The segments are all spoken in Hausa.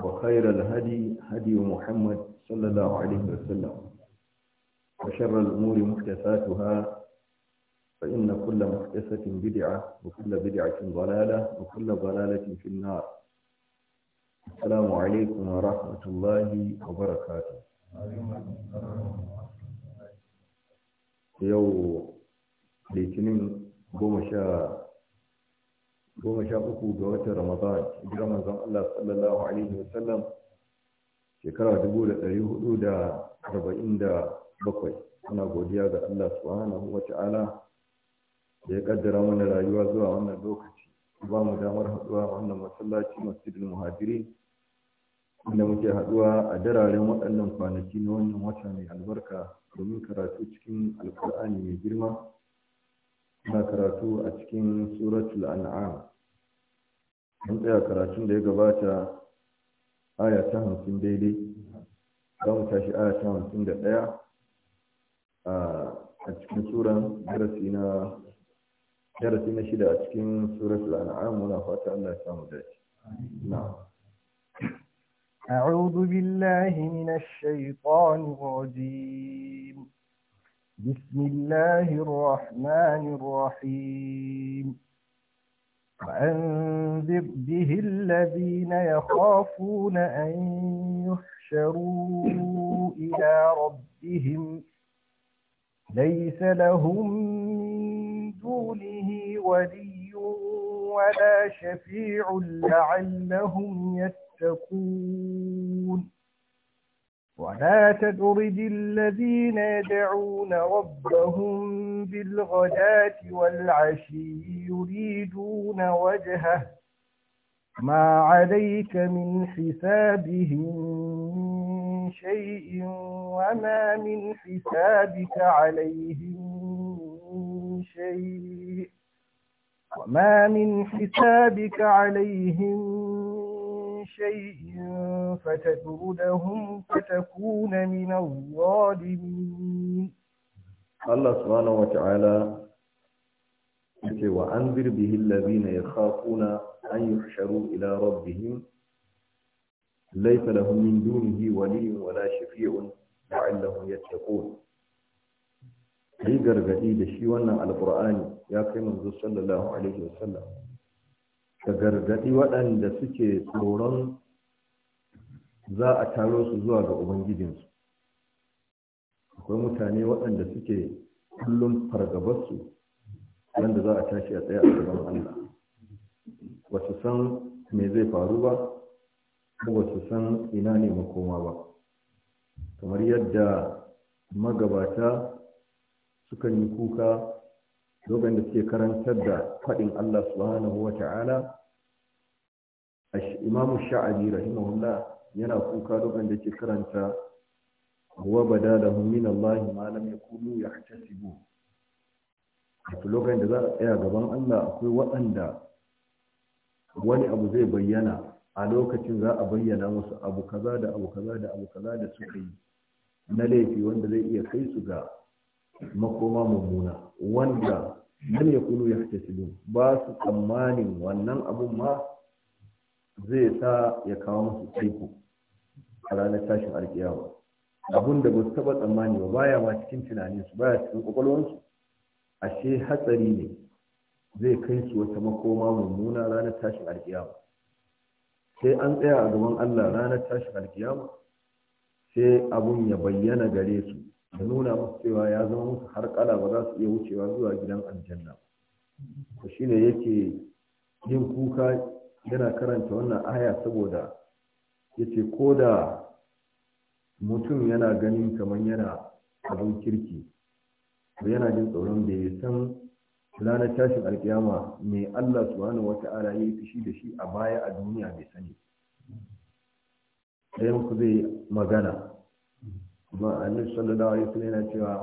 وخير الهدي هدي محمد صلى الله عليه وسلم وشر الأمور محدثاتها فإن كل محدثة بدعة وكل بدعة ضلالة وكل ضلالة في النار السلام عليكم ورحمة الله وبركاته يوم الاثنين قوم goma sha uku ga watan ramadan hijirar manzon Allah sallallahu alaihi wa sallam shekara dubu da ɗari hudu da arba'in da bakwai muna godiya ga Allah subhanahu wa ta'ala da ya kaddara mana rayuwa zuwa wannan lokaci ba mu damar haɗuwa wannan masallaci masjidul muhajirin inda muke haɗuwa a dararen waɗannan kwanaki na wannan wata mai albarka domin karatu cikin alkur'ani mai girma na karatu a cikin suratul an'am mun tsaya karatun da ya gabata aya ta hamsin daidai za mu tashi aya ta hamsin da ɗaya a cikin suran darasi na darasi na shida a cikin suratul an'am muna fata Allah ya samu dace na'am أعوذ بالله من الشيطان الرجيم بسم الله الرحمن الرحيم وأنذر به الذين يخافون أن يحشروا إلى ربهم ليس لهم من دونه ولي ولا شفيع لعلهم يتقون ولا تطرد الذين يدعون ربهم بالغداة والعشي يريدون وجهه ما عليك من حسابهم من شيء وما من حسابك عليهم من شيء وما من حسابك عليهم شيء فتطردهم فتكون من الظالمين الله سبحانه وتعالى وأنذر به الذين يخافون أن يحشروا إلى ربهم ليس لهم من دونه ولي ولا شفيع لعلهم يتقون yi gargadi da shi wannan alkur'ani ya kai manzo sallallahu alaihi wasallam da gargaɗi waɗanda suke tsoron za a taro su zuwa ga ubangijinsu akwai mutane waɗanda suke kullum fargabarsu wanda za a tashi a tsaye a gaban Allah ba su san me zai faru ba ko ba su san ina ne makoma ba kamar yadda magabata sukan yi kuka Logon da suke karantar da faɗin Allah subhanahu wa ta'ala imam sha'abi rahimahullah yana kuka lokacin da ke karanta wa bada da min Allah ma lam yakunu yahtasibu to lokacin da za a tsaya gaban Allah akwai waɗanda wani abu zai bayyana a lokacin za a bayyana musu abu kaza da abu kaza da abu kaza da suka yi na laifi wanda zai iya kai su ga makoma mummuna wanda man ya kulu ya hace ba su tsammanin wannan abun ma zai sa ya kawo musu tsaiko a ranar tashin alkiyawa abun da ba su taba tsammani ba baya ma cikin su baya cikin kwakwalwarsu ashe hatsari ne zai kai su wata makoma mummuna ranar tashin alkiyama sai an tsaya a gaban allah ranar tashin alkiyama sai abun ya bayyana gare su da nuna musu cewa ya zama musu har kala ba za su iya wucewa zuwa gidan aljanna ko shine yake yin kuka yana karanta wannan aya saboda yace ko da mutum yana ganin kamar yana abin kirki ko yana jin tsoron da ya san ranar tashin alkiyama mai Allah subhanahu wata'ala ya yi fushi da shi a baya a duniya bai sani ɗayan ku zai magana kuma annabi sallallahu alaihi wasallam yana cewa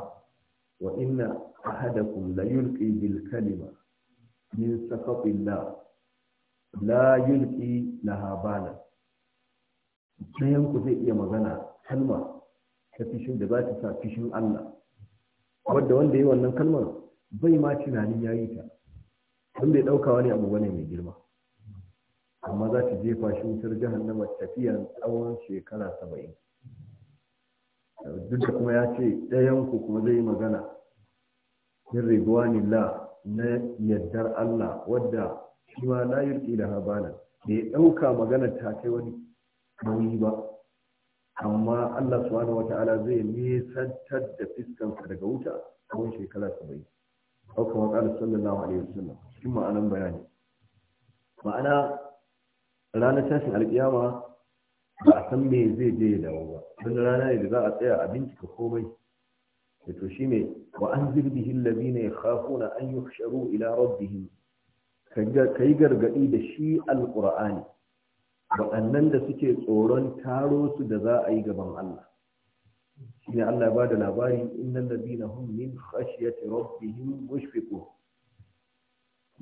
wa inna ahadakum la yulqi bil kalima min sakatillah la yulqi laha bala ku zai iya magana kalma ta fishin da za ta sa fishin Allah wadda wanda yi wannan kalmar bai ma tunanin ya yi ta wanda ya ɗauka wani abu bane mai girma amma za ta jefa shi wutar jahannama tafiyan tsawon shekara saba'in duk da kuma ya ce ɗayanku kuma zai yi magana yin riguwa la na yardar Allah wadda shi ma la yurki da habana da ya ɗauka magana ta kai wani nauyi ba amma Allah subhanahu wa ta'ala zai nisantar da fiskansa daga wuta wani shekara saba'in ɗaukar waƙalar sallallahu alaihi wasallam cikin ma'anan bayani ma'ana ranar tashin alƙiyama ba a san me zai je ya dawo ba tun rana ne da za a tsaya a bincika komai da to shine wa anzir bihi allazina yakhafuna an yuhsharu ila rabbihim yi gargadi da shi alqur'ani waɗannan da suke tsoron taro su da za a yi gaban Allah shine Allah ya bada labari innal labina hum min khashyati rabbihim mushfiqun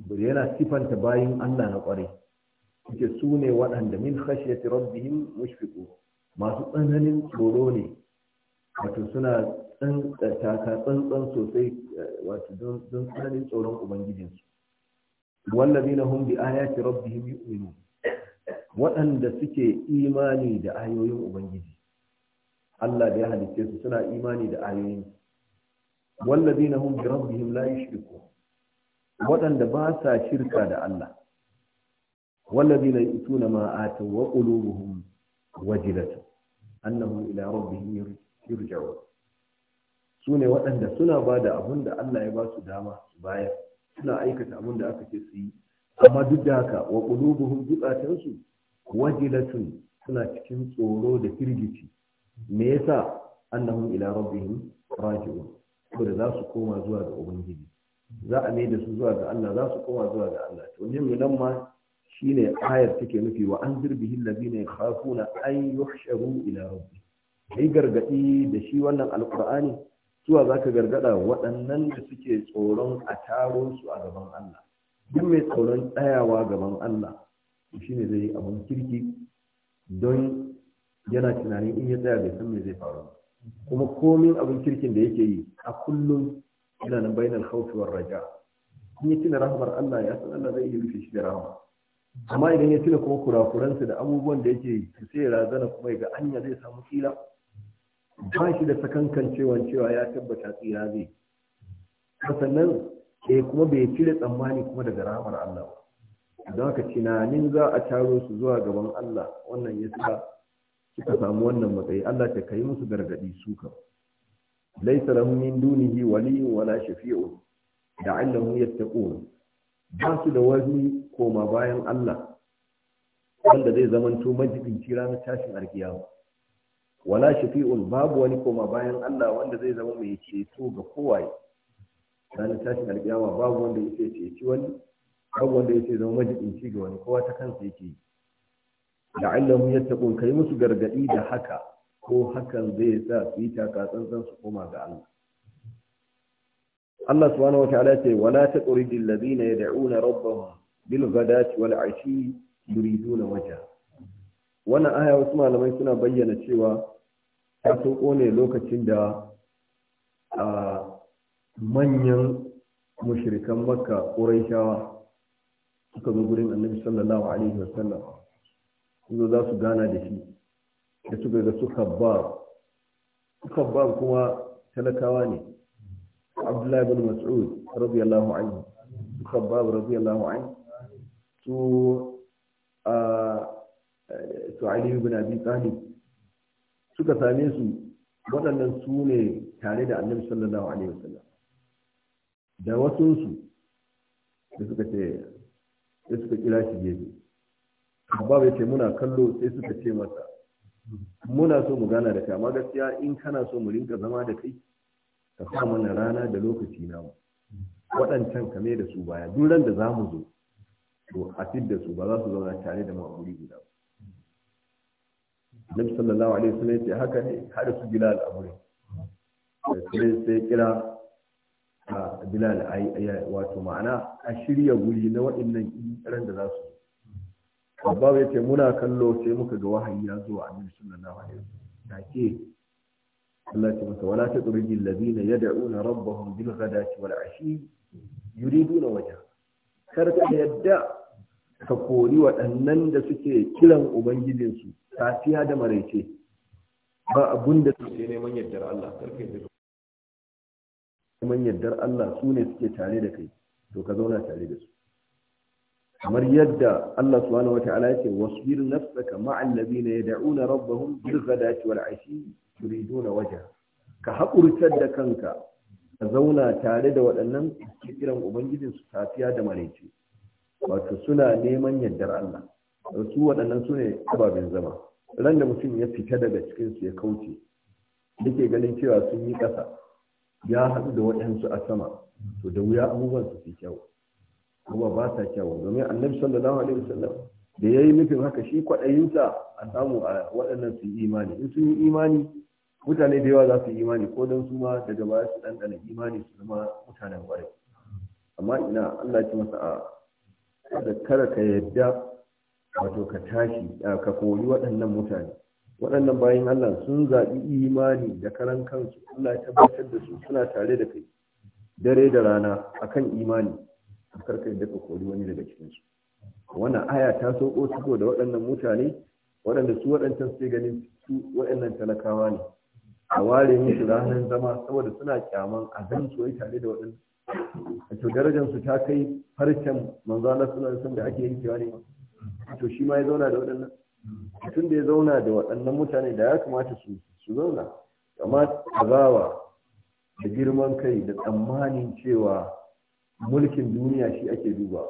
yana sifanta bayin Allah na kwarai kuke su ne waɗanda min khashyati rabbihim mushfiqu masu tsananin tsoro ne wato suna taka tsantsan sosai eh, wato don tsananin tsoron ubangijinsu wallazina hum bi ayati rabbihim yu'minun waɗanda suke imani da ayoyin ubangiji Allah da ya halicce su suna imani da ayoyin wallazina hum bi rabbihim la yushriku waɗanda ba sa shirka da Allah والذين يؤتون ما آتوا وقلوبهم وجلة أنهم إلى ربهم يرجعون sune waɗanda suna ba da abun da Allah ya basu dama su bayar suna aikata abun da aka ce su yi amma duk da haka wa qulubuhum zuqatansu wajilatun suna cikin tsoro da firgici me yasa annahum ila rabbihim raji'un saboda za su koma zuwa ga za a mai su zuwa ga Allah za su koma zuwa ga Allah to ne nan ma shine ayar take nufi wa an zirbihi allazina yakhafuna an yuhsharu ila rabbi kai gargadi da shi wannan alqur'ani zuwa zaka gargada waɗannan da suke tsoron a taro su a gaban Allah duk mai tsoron tsayawa gaban Allah shine zai yi abun kirki don yana tunanin in ya tsaya bai san me zai faru kuma komin abin kirkin da yake yi a kullum yana nan bainal khawfi war raja in ya rahmar Allah ya san Allah zai yi rufe shi da rahama amma idan ya tuna kuma kurakuransa da abubuwan da yake sai razana kuma ga anya zai samu tsira ba shi da sakankan cewa cewa ya tabbata tsira zai sannan ke eh, kuma bai cire tsammani kuma daga rahamar Allah ba don haka tunanin za a taro su zuwa gaban Allah wannan ya sa suka samu wannan matsayi Allah ta kai musu gargadi su kan laisa lahum min dunihi waliyyun wala shafi'un la'allahum yattaqun ba su da wani koma bayan Allah wanda zai majibin majibinci ranar tashin alkiyama wala shafi'un babu wani koma bayan Allah wanda zai zama mai ceto ga kowaye ranar tashin alkiyama babu wanda yake ceci wani babu wanda yake zama ci ga wani kowa ta kansa yake yi la'allahum yattaqun kai musu gargadi da haka ko hakan zai sa su yi taka tsantsan su koma ga Allah Allah subhanahu wataala ce wala taqrid alladhina yad'una rabbahum bil ghadati wal ashi yuriduna wajha wannan aya wasu malamai suna bayyana cewa ta soko ne lokacin da manyan mushrikan makka ƙuraishawa suka zo gurin annabi sallallahu alaihi wasallam zo za su gana da shi da suka ga su habbar su habbar kuma talakawa ne abdullahi bin mas'ud radiyallahu anhu su khabbab radiyallahu anhu su su ali bin abi talib suka same su waɗannan su ne tare da annabi sallallahu alaihi wasallam da wasu su da suka ce sai suka kira shi gefe babu ya ce muna kallo sai suka ce masa muna so mu gana da kai amma gaskiya in kana so mu rinka zama da kai ka sa mana rana da lokaci namu waɗancan kame da su baya duran da za mu zo to a da su ba za su zauna tare da ma'amuri guda ba Nabi sallallahu alaihi wasallam ya ce haka ne har su Bilal da gurin sai sai kira a Bilal ai wato ma'ana a shirya guri na waɗannan kiran da za su Abba ya ce muna kallo sai muka ga wahayi ya zo a Nabi sallallahu alaihi da ke Allah ce masa wala tadriji alladhina yad'una rabbahum bil ghadati wal ashi yuriduna wajha kar ka yadda ka kori waɗannan da suke kiran ubangijinsu safiya da maraice ba abun da suke neman yardar Allah karka yadda neman yardar Allah su ne suke tare da kai to ka zauna tare da su kamar yadda Allah subhanahu wata'ala yake wasbir nafsaka ma'al ladina yad'una rabbahum bil ghadati wal ashi yuriduna wajen. ka hakurtar da kanka ka zauna tare da waɗannan kiran ubangijin su safiya da maraice wato suna neman yardar Allah su waɗannan su ne zama ran da mutum ya fita daga cikin su ya kauce yake ganin cewa sun yi ƙasa ya haɗu da waɗansu a sama to da wuya abubuwan su fi kyau kuma ba sa kyawu domin annabi sallallahu alaihi wasallam da yayi nufin haka shi kwaɗayinsa a samu a waɗannan su yi imani in sun yi imani mutane da yawa za su yi imani ko don su ma daga baya su ɗanɗana imani su zama mutanen ƙwarai amma ina Allah ci masa a da kada ka yadda wato ka tashi ka koyi waɗannan mutane waɗannan bayan Allah sun zaɓi imani da karan kansu Allah ya tabbatar da su suna tare da kai dare da rana akan imani karka da ka kori wani daga cikinsu wannan aya ta soko soko da waɗannan mutane waɗanda su waɗancan sai ganin su waɗannan talakawa ne a ware musu ranar zama saboda suna kyaman a zan su tare da waɗannan to darajar su ta kai farcen manzo Allah sallallahu alaihi da ake yankewa ne to shi ma ya zauna da waɗannan tun da ya zauna da waɗannan mutane da ya kamata su su zauna amma azawa da girman kai da tsammanin cewa mulkin duniya shi ake duba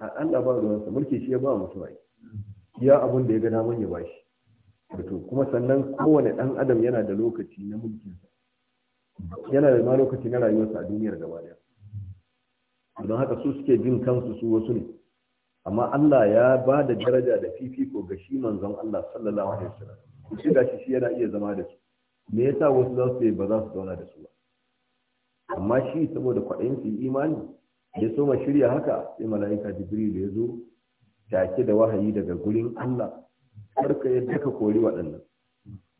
a Allah ba ruwansa mulki shi ya ba mutum ai ya abun da ya ga daman ya bashi wato kuma sannan kowane dan adam yana da lokaci na mulkinsa yana da ma lokaci na rayuwarsa a duniyar gaba daya don haka su suke jin kansu su wasu ne amma Allah ya ba da daraja da fifiko ga shi manzon Allah sallallahu alaihi wasallam shi da shi yana iya zama da su me yasa wasu za su ba za su zauna da su ba amma shi saboda kwaɗayin su imani ya soma shirya haka sai mala'ika jibril ya zo take da wahayi daga gurin Allah karka ya ka kori waɗannan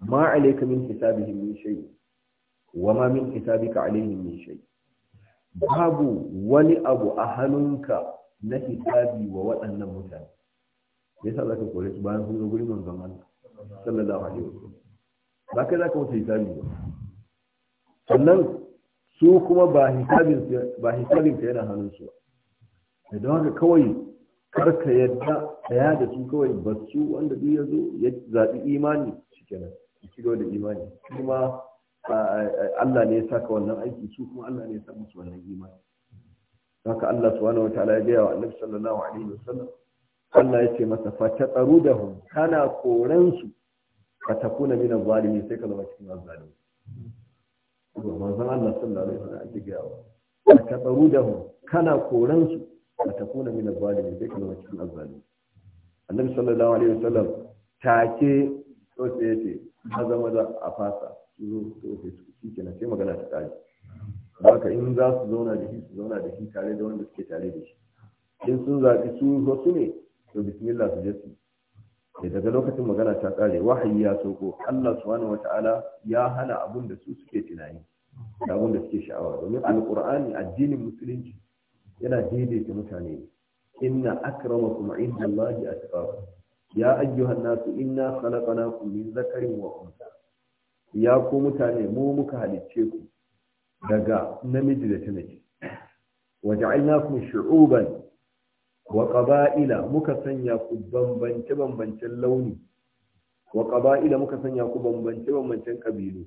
ma alayka min hisabihim min shay wa ma min hisabika alaihim min shay babu wani abu a hannunka na hisabi wa waɗannan mutane yasa zaka kore su bayan sun zo gurin manzon Allah sallallahu alaihi wasallam ba kai zaka wuce hisabi ba sannan su kuma ba hisabin ka yana hannun su ba don haka kawai kar ka yadda daya da su kawai ba su wanda duk ya zo ya zaɓi imani kenan ki ci da imani kuma Allah ne ya saka wannan aiki su kuma Allah ne ya sa musu wannan imani haka Allah subhanahu wataala ya gaya wa Annabi sallallahu alaihi wasallam Allah ya ce masa fatatsaru kana koransu ka takuna min zalimi sai ka zama cikin azzalimi manzon Allah sallallahu alaihi ta ake a ka tabaru da hu kana koran su ka takuna min zalimi bai kana cikin azali annabi sallallahu alaihi wasallam take to sai yace maza da a fasa zo to sai shi kenan sai magana ta kare haka in za su zauna da shi su zauna da shi tare da wanda suke tare da shi in sun zaɓi su wasu ne to bismillah su je su sai daga lokacin magana ta kare wahayi ya soko Allah subhanahu wata'ala ya hana abun da su suke tunani da abun da suke sha'awa domin alqur'ani addinin musulunci yana daidaita mutane inna akramakum indallahi atqakum ya ayyuhan nasu inna khalaqnakum min zakarin wa unsa ya ku mutane mu muka halicce ku daga namiji da ta mace waja'alnakum shu'uban wa qaba'ila muka sanya ku bambance bambancen launi wa qaba'ila muka sanya ku bambance bambancen kabilu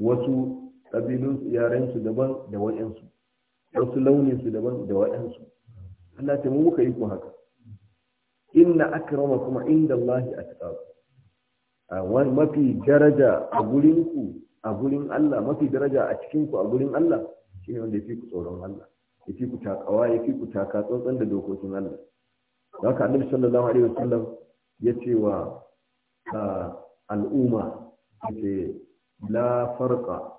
wasu kabilun yaren su daban da wayansu wasu launin su daban da wayansu Allah ta muku muka yi ku haka inna akramakum inda Allahi A wani mafi daraja a gurinku a gurin Allah mafi daraja a cikinku a gurin Allah shi ne wanda ya fi ku tsoron Allah ya fi ku takawa ya fi ku taka tsantsan da dokokin Allah da haka annabi sallallahu alaihi wasallam ya ce wa al'umma ce la farqa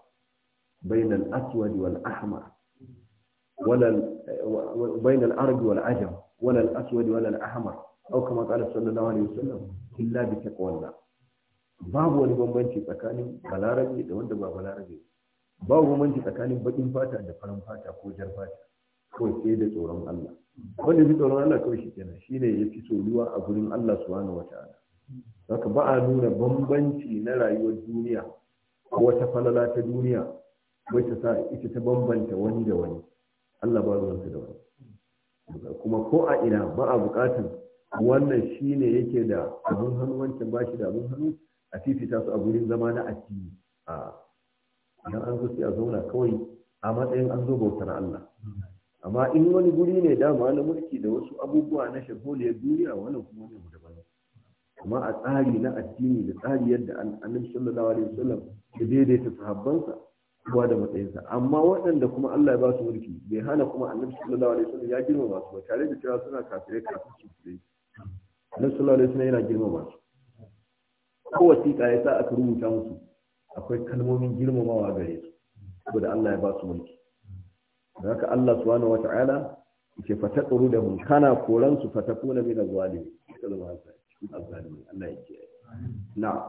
bain al-aswad wal ahmar wala bain al-arab wal ajam wala al-aswad wala al-ahmar aw kama qala sallallahu alaihi wasallam illa bi taqwallah babu wani bambanci tsakanin balarabe da wanda ba balarabe babu bambanci tsakanin bakin fata da farin fata ko jar fata kawai sai da tsoron Allah wanda fi tsoron Allah kawai shi kenan shine ya fi soyuwa a gurin Allah su wata ana haka ba a nuna bambanci na rayuwar duniya ko wata falala ta duniya bai ta sa ita ta bambanta wani da wani Allah ba ruwansa da wani kuma ko a ina ba a bukatar wannan shi ne yake da abin hannu wancan ba shi da abin hannu a fifita su a gurin zama na addini a idan an zo sai a zauna kawai a matsayin an zo bautar Allah amma in wani guri ne dama na mulki da wasu abubuwa na shagoliyar duniya wani kuma wani daban amma a tsari na addini da tsari yadda annabi sallallahu alaihi wasallam ya daidaita sahabbansa kowa da matsayinsa amma waɗanda kuma Allah ya ba su mulki bai hana kuma annabi sallallahu alaihi wasallam ya girmama su ba tare da cewa suna kafirai kafin su su annabi sallallahu alaihi wasallam yana girmama su ko wasiƙa ya sa aka rubuta musu akwai kalmomin girmamawa gare su saboda Allah ya ba su mulki da haka Allah subhanahu wata'ala yake fataqru da hum kana koran su fatakuna min zalimi sallallahu alaihi Allah yake na'am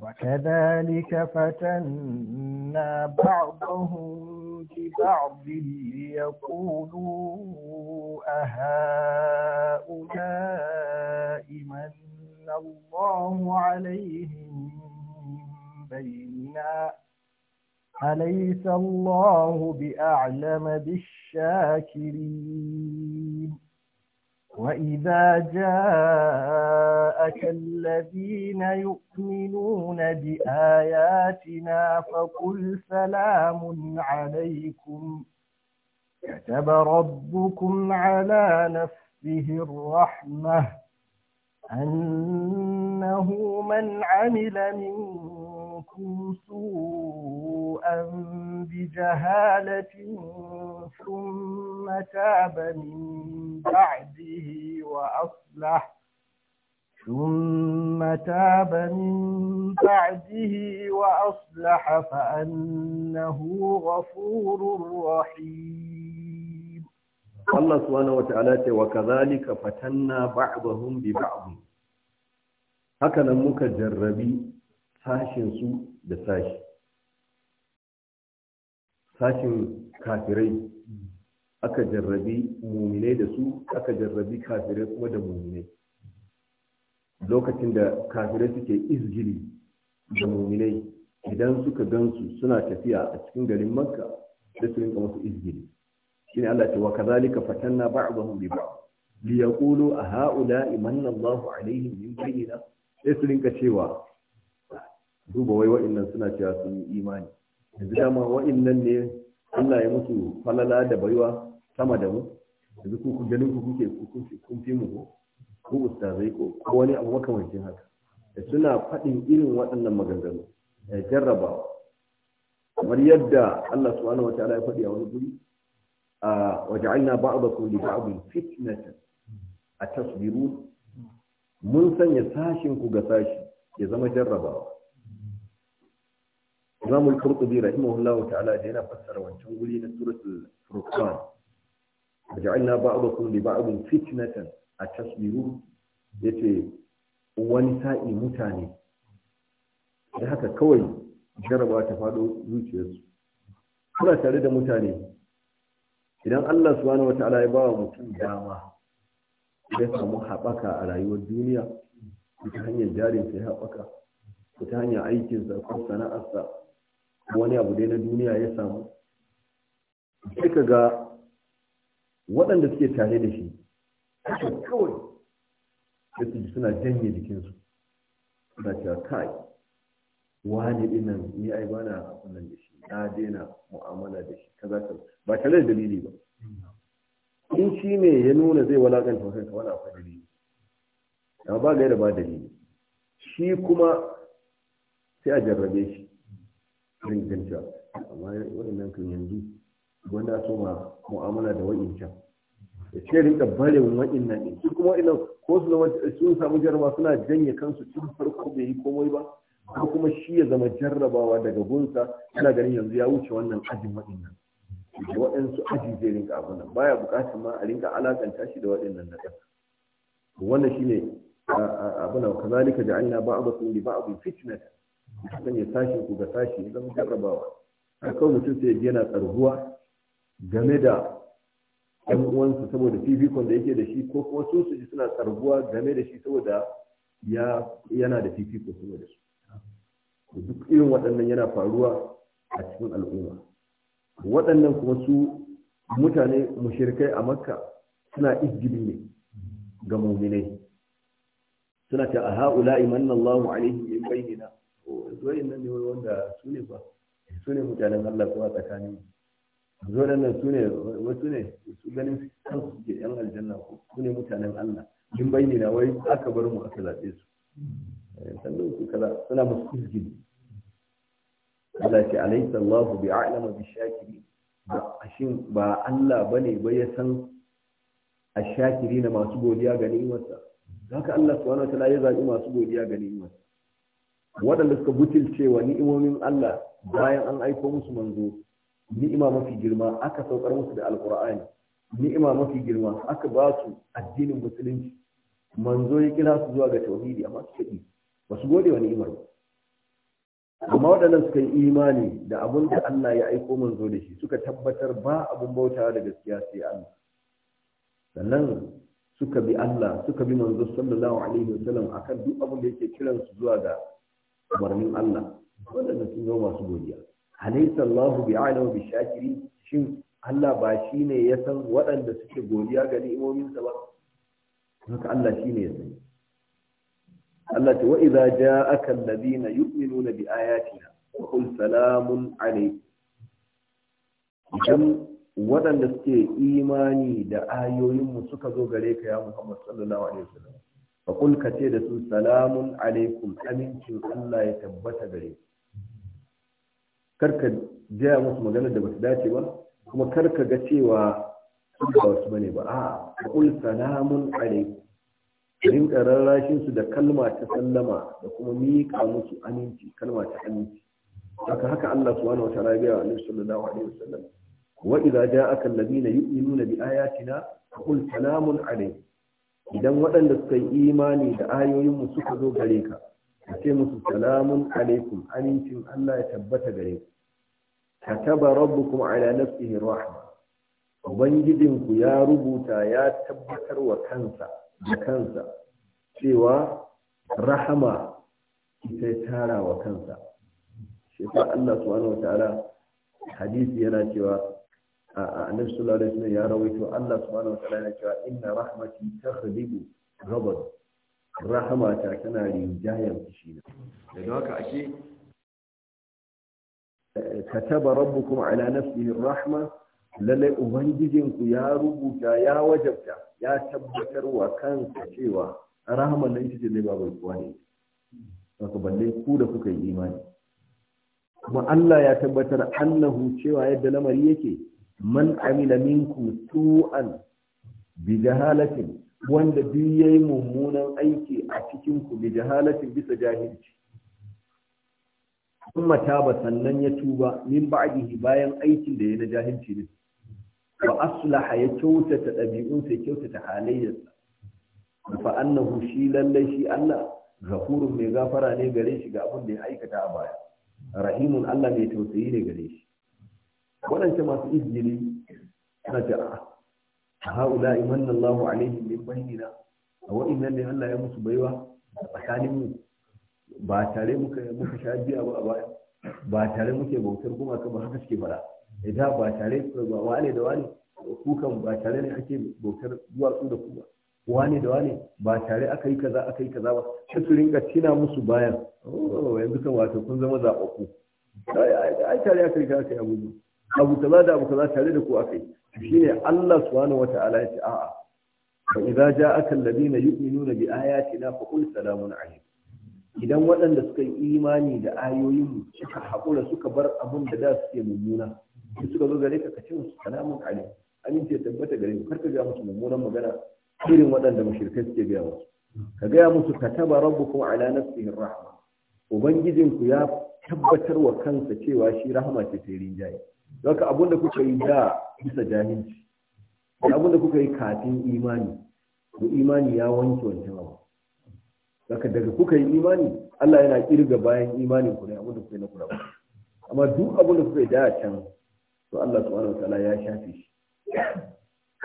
وكذلك فتنا بعضهم ببعض ليقولوا أهؤلاء من الله عليهم بينا أليس الله بأعلم بالشاكرين وإذا جاءك الذين يؤمنون بآياتنا فقل سلام عليكم كتب ربكم على نفسه الرحمة أنه من عمل منكم سوءا سوءا بجهالة ثم تاب من بعده وأصلح ثم تاب من بعده وأصلح فأنه غفور رحيم الله سبحانه وتعالى وكذلك فتنا بعضهم ببعض هكذا مك جربي ساشن سو da sashi sashin kafirai aka jarrabi muminai da su aka jarrabi kafirai kuma da muminai lokacin da kafirai suke izgili da muminai idan suka gansu suna tafiya a cikin garin makka da su rinka masu izgili shine Allah ce wa kazalika fatanna ba'dahum bi ba'd li yaqulu a ha'ula imanna Allahu alaihim min bayyina sai su rinka cewa duba wai wa'annan suna cewa sun yi imani yanzu dama wa'innan ne Allah ya mutu falala da baiwa sama da mu yanzu ku ganin ku kuke kun fi mu ku ustazai ko wani abu makamancin haka da suna faɗin irin waɗannan maganganu jarrabawa kamar yadda Allah subhanahu wa ta'ala ya faɗi a wani guri a waja'alna ba'dakum li ba'din fitnatan atasbiru mun sanya sashin ku ga sashi ya zama jarrabawa Imam al-Qurtubi rahimahullahu ta'ala da yana fassara wancan guri na suratul Furqan ja'alna ba'dakum li ba'din fitnatan atasbiru yace wani sa'i mutane da haka kawai jaraba ta fado zuciyarsu kuna tare da mutane idan Allah subhanahu wataala ya ba wa mutum dama ya samu haɓaka a rayuwar duniya ta hanyar jarinsa ya haɓaka ta hanyar aikinsa ko sana'arsa wani abu dai na duniya ya samu sai ka ga waɗanda suke tare da shi haka kawai da su suna janye jikinsu suna cewa kai wani dinnan ni ai ba na nan da shi na daina mu'amala da shi kaza kaza ba tare da dalili ba in shi ne ya nuna zai walakanta wasan ka wani akwai dalili amma ba gaira ba dalili shi kuma sai a jarrabe shi irin janca amma waɗannan kan yanzu wanda so ma mu'amala da can da ce rinka barin nan ne su kuma wa'innan ko su zama sun samu jarraba suna janye kansu tun farko bai yi komai ba ko kuma shi ya zama jarrabawa daga gunsa yana ganin yanzu ya wuce wannan ajin wa'innan da waɗansu aji zai rinka abin nan baya buƙatar ma a rinka alaƙanta shi da waɗannan na ƙasa wannan shine abu na kazalika ja'alna ba'dakum li ba'd fitnatan kan ya sashi ku ga sashi idan zama jarrabawa har kawai mutum sai yana tsarguwa game da ɗan uwansa saboda fifikon da yake da shi ko kuma su su ji suna tsarguwa game da shi saboda ya yana da fifiko saboda su duk irin waɗannan yana faruwa a cikin al'umma waɗannan kuma su mutane mushirikai a makka suna izgili ne ga muminai suna ta a ha'ula'i manna Allahu alaihi wa bainina zoyin nan ne wanda su ne ba su ne mutanen Allah kuma tsakanin zo nan su ne wasu ne su ganin kansu ke yan aljanna ko su ne mutanen Allah in bayyana wai aka bar mu aka zaɓe su eh, sannan su kaza suna musu izgili Allah ce alaysa Allahu bi a'lama bi shakiri shin ba Allah bane ba ya san ashakiri na masu godiya ga ni'imarsa haka Allah subhanahu wa ta'ala ya zaɓi masu godiya ga ni'imarsa waɗanda suka butulce wa ni'imomin Allah bayan an aiko musu manzo ni'ima mafi girma aka saukar musu da alkur'ani ni'ima mafi girma aka ba su addinin musulunci manzo ya kira su zuwa ga tauhidi amma suka ɗi ba su gode wa ni'imar ba amma waɗannan suka yi imani da abin da Allah ya aiko manzo da shi suka tabbatar ba abin bauta da gaskiya sai Allah sannan suka bi Allah suka bi manzo sallallahu alaihi wasallam akan duk abin da yake kiransu zuwa ga umarnin Allah waɗanda sun zo masu godiya halitta Allah bi alamu bi shakiri shin Allah ba shi ne ya san waɗanda suke godiya ga ni'imominsa ba haka Allah shi ne ya sani Allah ta wa idza ja'aka alladhina yu'minuna bi ayatina wa qul salamun alaykum idan waɗanda suke imani da ayoyinmu suka zo gare ka ya Muhammad sallallahu alaihi wasallam fa kul ka ce da su salamun alaikum amincin Allah ya tabbata gare ku kar ka gaya musu maganar da ba su dace ba kuma kar ka ga cewa sun ba wasu bane ba a fa kul salamun alaikum rinka rarrashin su da kalma ta sallama da kuma miƙa musu aminci kalma ta aminci haka haka Allah subhanahu wa ta'ala ya Annabi sallallahu alaihi wasallam wa idza ja'aka alladhina yu'minuna bi ayatina qul salamun alaykum idan waɗanda suka yi imani da ayoyinmu suka zo gare ka ka ce musu salamun alaikum amincin Allah ya tabbata gare ku Ka kataba rabbukum ala nafsihi rahma ubangijinku ya rubuta ya tabbatar wa kansa da kansa cewa rahama ita tara wa kansa shi Allah subhanahu wa ta'ala hadisi yana cewa annabi sallallahu alaihi wasallam ya rawaito Allah subhanahu wataala yana cewa inna rahmati takhlibu ghadab rahamata tana rinjayar fushi da don haka ake kataba rabbukum ala nafsihi rahma lallai ubangijinku ya rubuta ya wajabta ya tabbatar wa kansa cewa rahaman nan ita ce zai babu kuwa ne saka balle ku da kuka yi imani kuma Allah ya tabbatar annahu cewa yadda lamari yake man amila minkum su'an bi jahalatin wanda duk yayi mummunan aiki a cikin ku bi jahalatin bisa jahilci kuma ba sannan ya tuba min ba'dihi bayan aikin da ya na jahilci ne wa aslaha ya kyautata ɗabi'unsa ya kyautata halayyarsa fa annahu shi lallai shi Allah ghafurun mai gafara ne gare shi ga abin da ya aikata a baya rahimun Allah mai tausayi ne gare shi waɗancan masu izini na ce a haula iman Allahu alaihim min bainina a wa'innan ne Allah ya musu baiwa a tsakanin mu ba tare muka muka sha biya ba a baya ba tare muke bautar kuma kuma haka suke fara idan ba tare ba wane da wane kukan ba tare ne ake bautar duwatsu da kuma wane da wane ba tare aka yi kaza aka yi kaza ba sai su rinka tina musu bayan oh, yanzu kan wato kun zama zaɓaɓɓu ai tare aka yi kaza aka yi abubuwa abu kaza da abu kaza tare da ku akai shine Allah subhanahu wata'ala ya ce a'a fa idza ja'aka alladhina yu'minuna bi ayatina fa qul salamun alaykum idan waɗanda suka yi imani da ayoyin suka haƙura suka bar abin da da suke mummuna suka zo gare ka ka ce musu salamun alaykum amince tabbata gare ka ka ga musu mummunan magana irin waɗanda mushrikai suke gaya musu ka gaya musu ka kataba rabbukum ala nafsihi rahma ubangijinku ya tabbatar wa kansa cewa shi rahama ce ta rinjaye Zaka abun da kuka yi da bisa jahilci, da abun da kuka yi kafin imani, to imani ya wanke wancan abu. Zaka daga kuka yi imani, Allah yana kirga bayan imanin ku ne abun da kuka yi na kura Amma duk abun da kuka yi da can, to Allah subhanahu wa ta'ala ya shafe shi.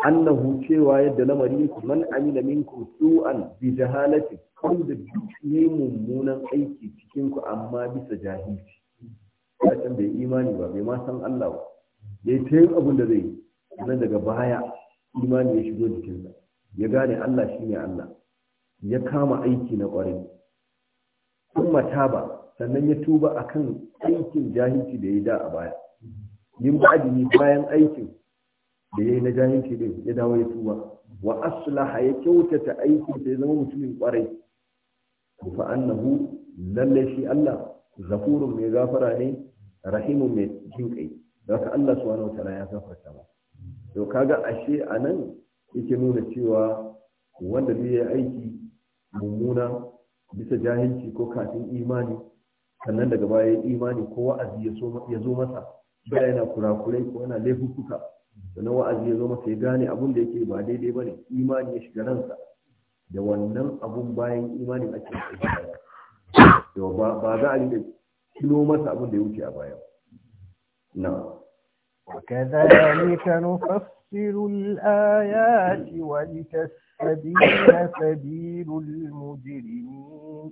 annahu cewa yadda lamari yake man amila minku su'an bi jahalati da duk yayi mummunan aiki cikin ku amma bisa jahilci ya bai imani ba bai ma san Allah ba ya yi ta yin abin da zai yi nan daga baya imani ya shigo jikinsa ya gane Allah shi ne Allah ya kama aiki na ƙwarai mata ba sannan ya tuba a kan aikin jahilci da ya yi da a baya yin ba'adini bayan aikin da ya yi na jahilci din ya dawo ya tuba wa aslaha ya kyautata aikin sai zama mutumin ƙwarai fa annahu lallai shi Allah zafurun mai gafara ne rahimun mai jin kai da haka Allah subhanahu wataala ya gafarta ba to kaga ashe a nan yake nuna cewa wanda zai yi aiki mummuna bisa jahilci ko kafin imani sannan daga baya imani ko wa'azi ya zo masa da yana kurakurai ko yana laifuka sannan wa'azi ya zo masa ya gane abin da yake ba daidai ba ne imani ya shiga ransa da wannan abun bayan imanin ake ba za a kilo masa abin da ya wuce a baya na وكذلك نفصل الآيات ولتستبين سبيل المجرمين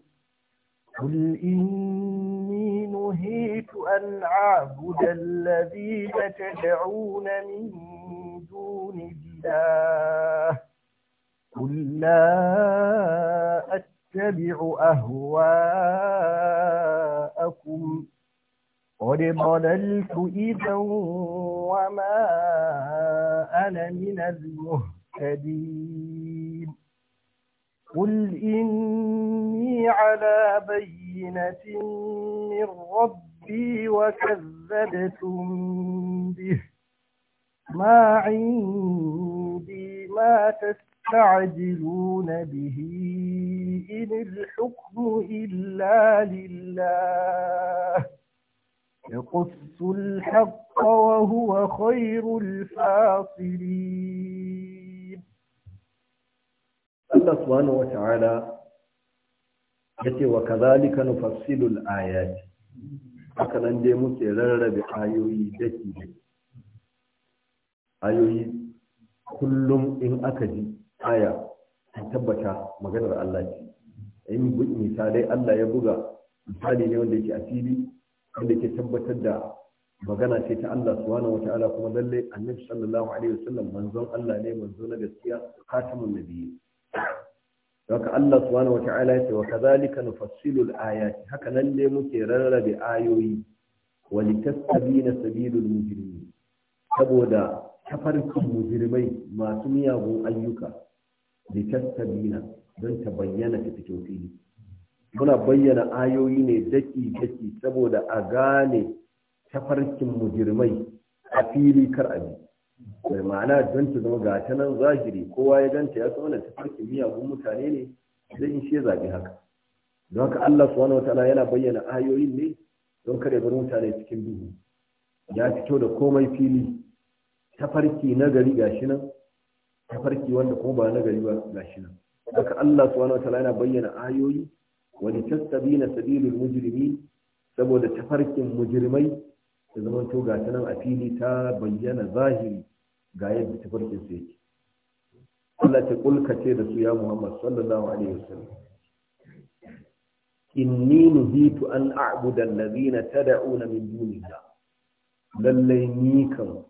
قل إني نهيت أن أعبد الذين تدعون من دون الله قل لا اتبع أهواءكم قد ضللت إذا وما أنا من المهتدين قل إني على بينة من ربي وكذبتم به ما عندي ما تستعجلون به إن الحكم إلا لله يقص الحق وهو خير الفاصلين الله سبحانه وتعالى yace wa kazalika nufassilu al-ayat haka nan dai muke rarrabe ayoyi daki daki kullum in aka ji aya an tabbata maganar Allah ce in misalai Allah ya buga misali ne wanda yake asiri wanda yake tabbatar da magana ce ta Allah subhanahu wataala kuma lalle annabi sallallahu alaihi wasallam manzon Allah ne manzo na gaskiya khatamun nabiyyi haka Allah subhanahu wataala yace wa kadhalika nufassilu al haka nan ne muke rarrabe ayoyi wa litastabina sabilul mujrimin saboda tafarkin mujrimai masu miyagun ayyuka litastabina don ta bayyana ta fito fili muna bayyana ayoyi ne daki daki saboda a gane tafarkin mujirmai a fili kar a bi bai ma'ana don ta zama gata nan zahiri kowa ya ganta ya sauna tafarkin miyagun mutane ne zai in shi zaɓi haka don ka Allah wani wata yana bayyana ayoyin ne don kare bar mutane cikin duhu ya fito da komai fili tafarki na gari gashi nan farki wanda kuma ba na gari ba gashi nan haka Allah subhanahu wataala yana bayyana ayoyi wa na sabilul mujrimin saboda tafarkin mujrimai da zaman to ga nan a fili ta bayyana zahiri ga yadda tafarkin su yake Allah ta kulkace da su ya Muhammad sallallahu alaihi wasallam inni nuhitu an a'buda allazina tad'una min dunillah lallai ni kam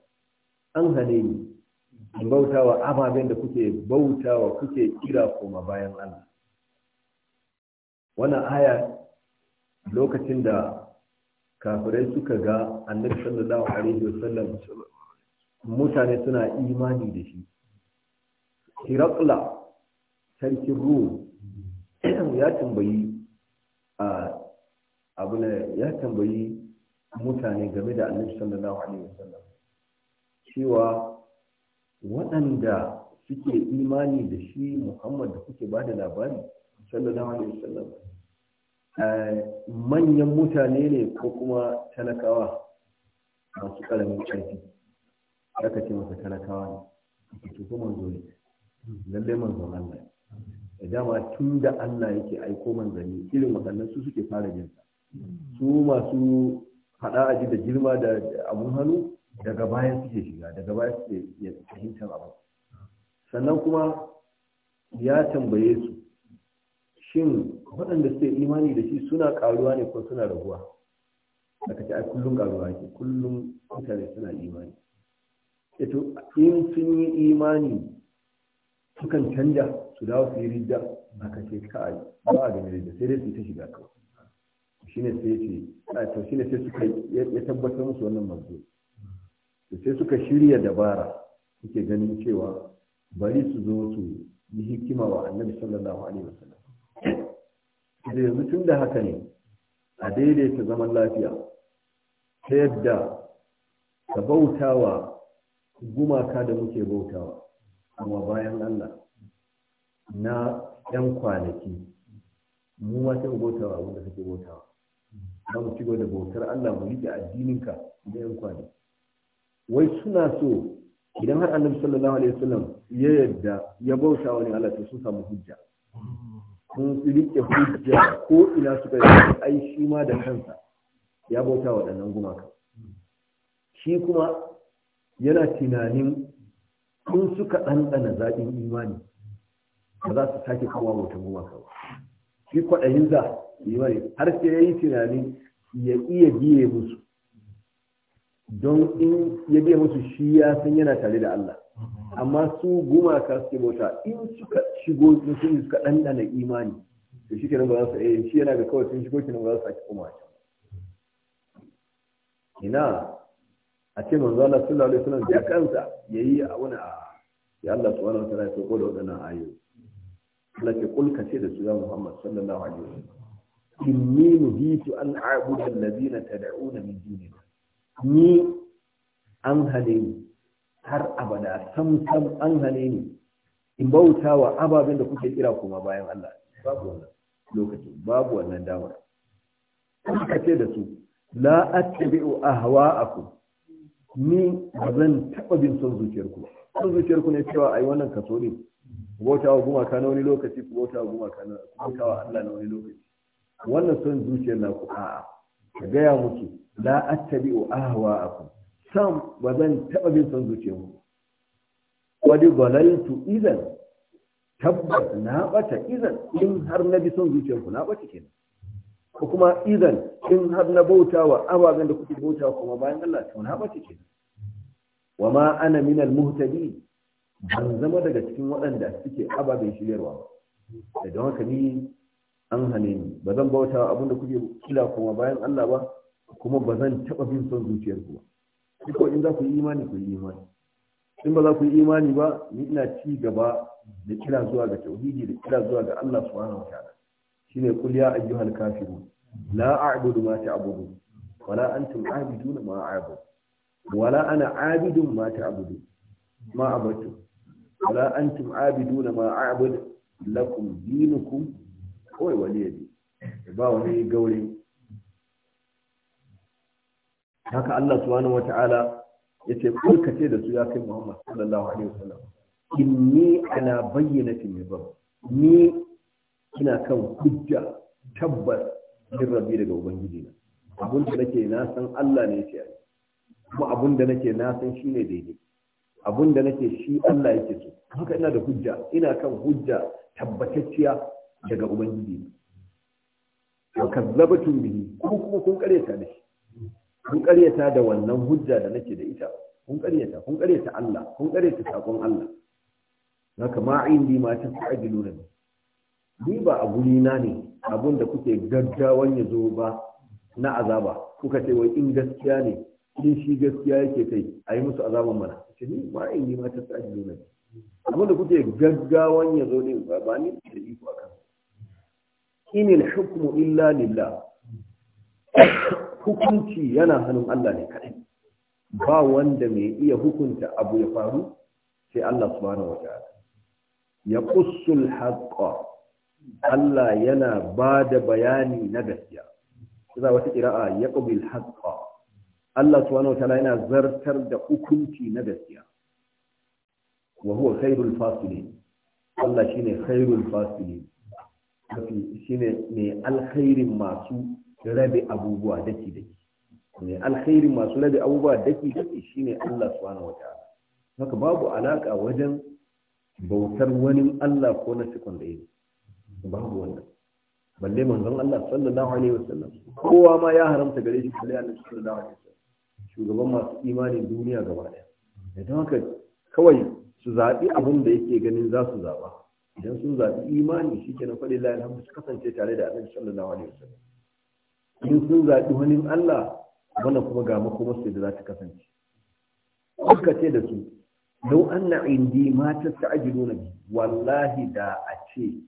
an hane ni bautawa ababen da kuke bautawa kuke kira koma bayan Allah wannan aya lokacin da kafirai suka ga annabi sallallahu alaihi wasallam mutane suna imani da shi hirakla sarkin ruhu ya tambayi a ya tambayi mutane game da annabi sallallahu alaihi wasallam cewa waɗanda suke imani da shi muhammad da kuke ba da labari sallallahu alaihi wasallam eh, manyan mutane ne ko kuma talakawa masu ƙaramin ƙarfi aka ce masa talakawa ne ake ko manzo ne lallai manzon Allah da dama tun da Allah yake aiko manzanni irin waɗannan su suke fara jinsa su masu faɗa aji da girma da abun hannu daga baya suke shiga daga baya suke ya fahimtar abu sannan kuma ya tambaye su shin waɗanda suke imani da shi suna ƙaruwa ne ko suna raguwa aka ce ai kullum ƙaruwa ke kullum mutane suna imani yato in sun yi imani sukan canja su dawo su yi ridda aka ce kai ba a gani ridda sai dai su ta shiga kawai shine sai ce to shine sai suka ya tabbatar musu wannan manzo to sai suka shirya dabara suke ganin cewa bari su zo su yi hikima wa annabi sallallahu alaihi wasallam da yanzu tun da haka ne a daidaita zaman lafiya ta yadda ka bautawa gumaka da muke bautawa amma bayan Allah na 'yan kwanaki mu wata bautawa wanda kake bautawa za mu ci da bautar Allah mu riƙe addininka na 'yan kwanaki wai suna so idan har annabi sallallahu alaihi wasallam ya yadda ya bauta wani Allah to sun samu hujja sun rike hujja ko ina suka yi ai shi ma da kansa ya bauta waɗannan gumaka shi kuma yana tunanin in suka ɗanɗana zaɓin imani ba za su sake kawo wata gumaka ba shi kwaɗayinsa imani har sai ya yi tunanin ya iya biye musu don in ya biya musu shi ya san yana tare da Allah amma su gumaka suke bauta in suka shigo mutum suka ɗanɗana imani to shi kenan ba za su eh shi yana ga kawai sun shigo kenan ba za su sake koma ina a ce manzo Allah sallallahu alaihi wasallam ya kansa yayi a wani a ya Allah subhanahu wa ta'ala ya soko da waɗannan ayo Allah ke kulka ce da su ya Muhammad sallallahu alaihi wasallam inni nuhitu an a'budu alladhina tad'una min dunihi ni an hale ni har abada sam sam an hale ni in bauta wa ababen da kuke kira kuma bayan Allah babu wannan lokaci babu wannan damar kuka ce da su la attabi'u ahwa'akum ni ba zan taɓa bin son zuciyarku son zuciyarku ne cewa ai wannan kaso ne ku bauta wa gumaka na wani lokaci ku bauta wa gumaka na ku bauta wa Allah na wani lokaci wannan son zuciyar na ku a'a ka gaya muke la attabi'u ahwa'akum sam ba zan taba bin son mu. wa di galaltu idan tabbas na bata idan in har na bi son zuciyar ku na bata kenan ko kuma idan in har na bauta wa ababen da kuke bauta kuma bayan Allah to na bata kenan wa ma ana min al muhtadi ban zama daga cikin waɗanda suke ababen shiryarwa ba da haka ni an hane ni ba zan bauta wa abin da kuke kila kuma bayan Allah ba kuma ba zan taɓa bin son zuciyar ku ba Iko in za ku yi imani ku yi imani in ba za ku yi imani ba ni ina ci gaba da kira zuwa ga tauhidi da kira zuwa ga Allah subhanahu wa ta'ala shine qul ya ayyuhal kafirun la a'budu ma ta'budun la antum a'biduna ma a'budu wala ana a'bidun ma ta'budun ma wa wala antum a'biduna ma a'budu lakum dinukum kawai waliyadi ba wani gaure haka Allah subhanahu wata'ala ya ce kulkace da su ya kai Muhammad sallallahu alaihi wasallam inni ala bayyinati min rabb ni ina kan hujja tabbas min rabbi daga ubangiji na abun da nake na san Allah ne yake kuma abun da nake na san shi ne daidai abun da nake shi Allah yake so haka ina da hujja ina kan hujja tabbatacciya daga ubangiji na wa kazzabtum bihi ko kuma kun kare ta da shi kun karyata da wannan hujja da nake da ita kun karyata kun ƙaryata Allah kun karyata sakon Allah haka ma indi ma ta ajilu ne ni ba a guri na ne abun da kuke gaggawan ya zo ba na azaba kuka ce wai in gaskiya ne in shi gaskiya yake kai a yi musu azaban mana ce ni ma indi ma ta ajilu ne abun da kuke gaggawan ya zo din ba ni da iko akan inil hukmu illa lillah hukunci yana hannun Allah ne kaɗai ba wanda mai iya hukunta abu ya faru sai Allah subhanahu wa ta'ala ya qussul haqqa Allah yana ba da bayani na gaskiya za wata ƙira'a ya ƙubil haƙƙa Allah subhanahu wa ta'ala yana zartar da hukunci na gaskiya wa huwa khairul fasilin Allah shine khairul fasilin shine mai alkhairin masu rabe abubuwa daki daki mai alkhairi masu rabe abubuwa daki daki shine Allah subhanahu wataala haka babu alaka wajen bautar wani Allah ko na da secondary babu wannan balle manzon Allah sallallahu alaihi wasallam kowa ma ya haramta gare shi balle Allah sallallahu alaihi wasallam shugaban masu imani duniya gaba daya da haka kawai su zaɓi abin da yake ganin za su zaɓa idan sun zaɓi imani shi ke kenan faɗi la ilhamu su kasance tare da annabi sallallahu alaihi wasallam in sun zaɓi wani Allah wanda kuma ga makomarsu da za ta kasance Kuka ce da su lau na indi ma na bi wallahi da a ce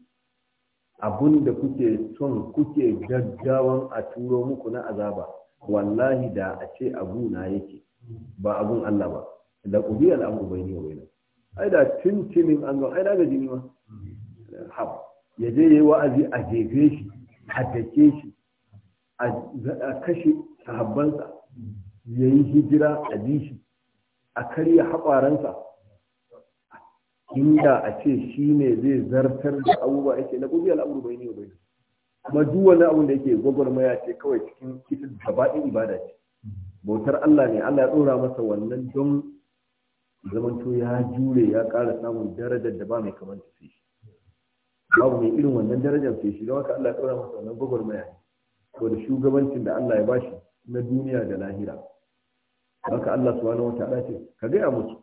abun da kuke son kuke gaggawan a turo muku na azaba wallahi da a ce abu na yake ba abun Allah ba da kubi al'amur bai ne ai da tuntunin an zo, ai da gaji ma hab ya je yayi wa'azi a jefe shi a dake shi a kashe sahabbansa ya yi hijira a shi a karya haƙwaransa inda a ce shi ne zai zartar da abubuwa ya ce na gobe al'amuru bai ne bai kuma duk wani abun da yake gwagwarmaya ce kawai cikin kifin gabaɗin ibada ce bautar Allah ne Allah ya ɗora masa wannan don zamanto ya jure ya ƙara samun darajar da ba mai kamar ta shi babu mai irin wannan darajar sai shi don haka Allah ya ɗora masa wannan gwagwarmaya ne da shugabancin da Allah ya bashi na duniya da lahira haka Allah subhanahu wataala ce ka gaya musu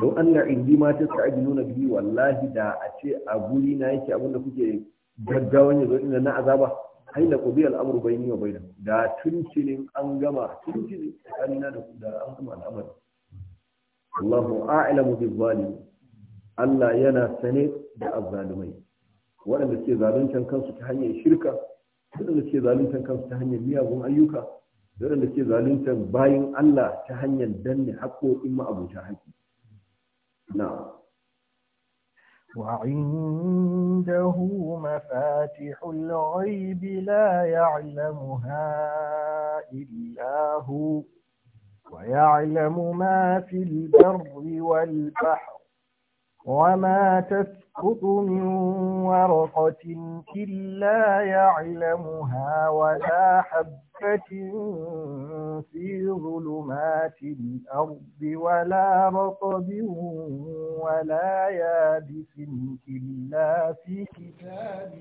don Allah indi ma ta nuna biyu wallahi da a ce a guri na yake abin da kuke gaggawa yazo ina na azaba ai la qudiya al-amru bayni wa bayna da tuncinin an gama tuncinin tsakanina da da an gama al'amari Allahu a'lamu zalim Allah yana sane da azzalumai waɗanda suke zaluntar kansu ta hanyar shirka waɗanda suke zaluntar kansu ta hanyar miyagun ayyuka da waɗanda suke zaluntar bayan Allah ta hanyar danne haƙoƙin ma'abuta haƙi na وعنده مفاتح الغيب لا يعلمها إلا هو ويعلم ما في البر والبحر وما تسقط من ورقة إلا يعلمها ولا حبة في ظلمات الأرض ولا رطب ولا يابس إلا في كتاب